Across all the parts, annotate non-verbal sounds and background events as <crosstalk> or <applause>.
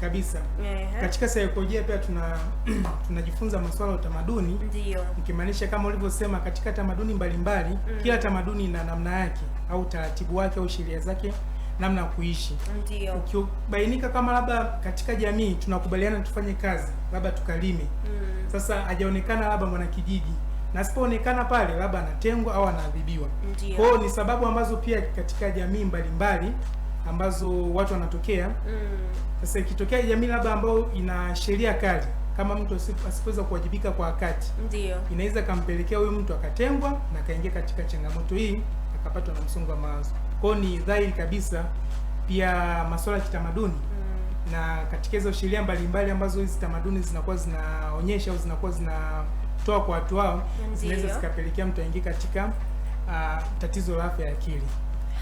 kabisa yeah. Katika saikolojia pia tuna <clears throat> tunajifunza masuala ya utamaduni, ndio nikimaanisha kama ulivyosema, katika tamaduni mbalimbali mm. Kila tamaduni ina namna yake au taratibu wake au sheria zake namna ya kuishi. Ndio. Ukibainika kama labda katika jamii tunakubaliana tufanye kazi, labda tukalime. Mm. Sasa hajaonekana labda mwana kijiji na asipoonekana pale labda anatengwa au anaadhibiwa. Kwa ni sababu ambazo pia katika jamii mbalimbali ambazo watu wanatokea. Mm. Sasa mm. ikitokea jamii labda ambayo ina sheria kali, kama mtu asipoweza kuwajibika kwa wakati, ndio inaweza kampelekea huyu mtu akatengwa na akaingia katika changamoto hii, akapatwa na msongo wa mawazo. Kwao ni dhahiri kabisa pia masuala ya kitamaduni mm. na katika hizo sheria mbalimbali ambazo hizi tamaduni zinakuwa zinaonyesha au zinakuwa zinatoa kwa watu wao, zinaweza zikapelekea mtu aingie katika uh, tatizo la afya ya akili.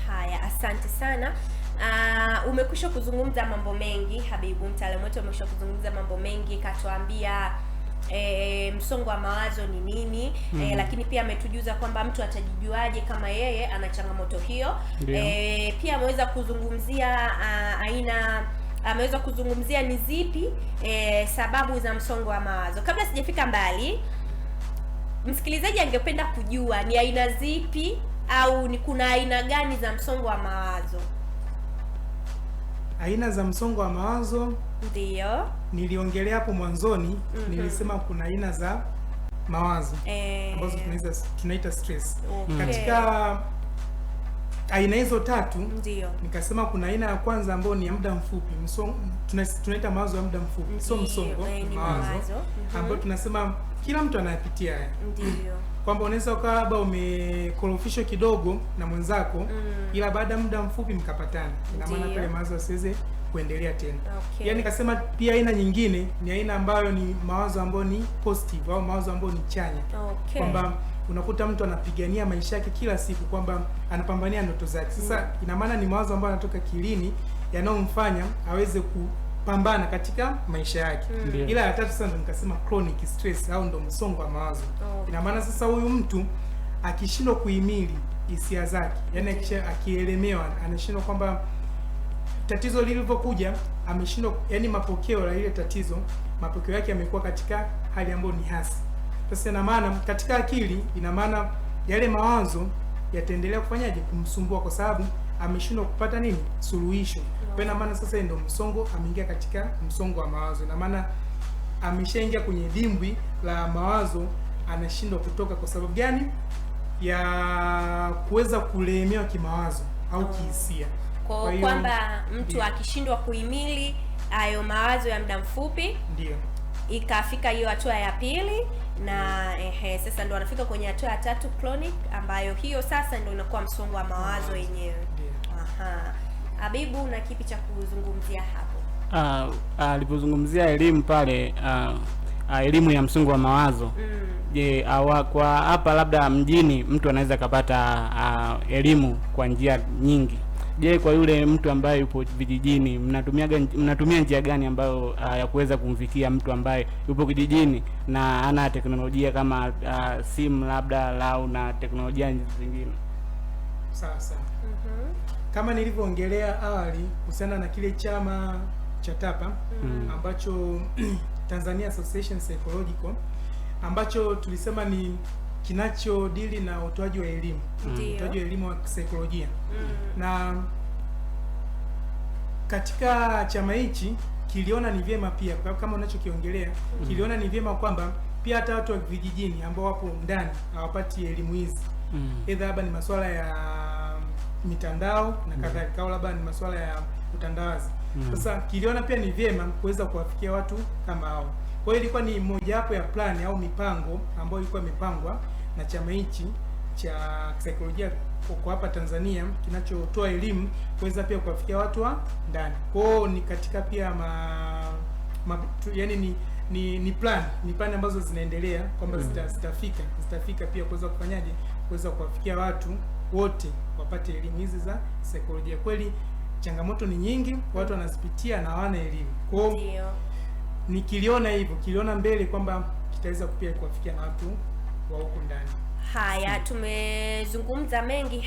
Haya, asante sana. Uh, umekwisha kuzungumza mambo mengi Habibu, mtaalamu wetu amekwisha kuzungumza mambo mengi, katuambia E, msongo wa mawazo ni nini? mm -hmm. E, lakini pia ametujuza kwamba mtu atajijuaje kama yeye ana changamoto hiyo. E, pia ameweza kuzungumzia a, ah, aina ameweza kuzungumzia ni zipi e, sababu za msongo wa mawazo. Kabla sijafika mbali, msikilizaji angependa kujua ni aina zipi au ni kuna aina gani za msongo wa mawazo aina za msongo wa mawazo ndio niliongelea hapo mwanzoni. mm -hmm. Nilisema kuna aina za mawazo eh. ambazo tunaita stress. Okay. Katika aina hizo tatu ndio nikasema kuna aina ya kwanza ambayo ni ya muda mfupi tunaita mawazo ya muda mfupi sio so msongo eh, mawazo ambayo mm-hmm. tunasema kila mtu anayapitia ndio kwamba unaweza ukawa labda umekorofishwa kidogo na mwenzako mm. ila baada ya muda mfupi mkapatana, ina maana pale mawazo asiweze kuendelea tena okay. Yaani kasema pia aina nyingine ni aina ambayo ni mawazo ambayo ni positive au mawazo ambayo ni chanya okay. kwamba unakuta mtu anapigania maisha yake kila siku, kwamba anapambania ndoto zake. Sasa mm. ina maana ni mawazo ambayo anatoka kilini yanayomfanya aweze kupambana katika maisha yake mm. ila ya tatu sasa ndo nikasema chronic stress au ndo msongo wa mawazo oh. ina maana sasa huyu mtu akishindwa kuhimili hisia zake, yani mm. akielemewa, anashindwa kwamba tatizo lilivyokuja ameshindwa, yani mapokeo la ile tatizo, mapokeo yake yamekuwa katika hali ambayo ni hasi sasa ina maana katika akili, ina maana yale mawazo yataendelea kufanyaje? Kumsumbua, kwa sababu ameshindwa kupata nini suluhisho. Kwa ina maana sasa ndio msongo, ameingia katika msongo wa mawazo, ina maana ameshaingia kwenye dimbwi la mawazo, anashindwa kutoka. Kwa sababu gani? ya kuweza kulemewa kimawazo au kihisia, kwa kwamba mtu akishindwa kuhimili hayo mawazo ya muda mfupi, ndio ikafika hiyo hatua ya pili na ehe, sasa ndo wanafika kwenye hatua ya tatu chronic, ambayo hiyo sasa ndo inakuwa msongo wa mawazo yenyewe. Aha, Habibu, una kipi cha kuzungumzia hapo? Ah, ah, Alivyozungumzia uh, uh, elimu pale uh, uh, elimu ya msongo wa mawazo mm. Je, awa, kwa hapa labda mjini mtu anaweza akapata uh, elimu kwa njia nyingi Je, kwa yule mtu ambaye yupo vijijini mnatumia mnatumia njia gani ambayo uh, ya kuweza kumfikia mtu ambaye yupo kijijini na ana teknolojia kama uh, simu labda lau na teknolojia zingine? Sasa sawa. mm -hmm. Kama nilivyoongelea awali kuhusiana na kile chama cha TAPA mm -hmm. ambacho <clears throat> Tanzania Association Psychological ambacho tulisema ni kinachodili na utoaji wa elimu mm. utoaji wa elimu wa kisaikolojia mm. na katika chama hichi kiliona ni vyema pia, kama unachokiongelea mm. kiliona ni vyema kwamba pia hata watu wa vijijini ambao wapo ndani hawapati elimu hizi mm. edha labda ni masuala ya mitandao na mm. kadhalika, au labda ni masuala ya utandawazi. Mm. Sasa mm. kiliona pia ni vyema kuweza kuwafikia watu kama hao. Kwa hiyo ilikuwa ni mojawapo ya plani au mipango ambayo ilikuwa imepangwa na chama hichi cha saikolojia kwa hapa Tanzania kinachotoa elimu kuweza pia kuwafikia watu wa ndani. Kwao ni katika pia ma, ma yani ni ni ni plan ni plan ambazo zinaendelea kwamba mm. zita, zitafika zitafika pia kuweza kufanyaje kuweza kuwafikia watu wote wapate elimu hizi za saikolojia. Kweli changamoto ni nyingi, watu mm. wanazipitia na hawana elimu kwao nikiliona hivyo, kiliona mbele kwamba kitaweza kupia kuwafikia watu wa huko ndani. Haya, tumezungumza mengi.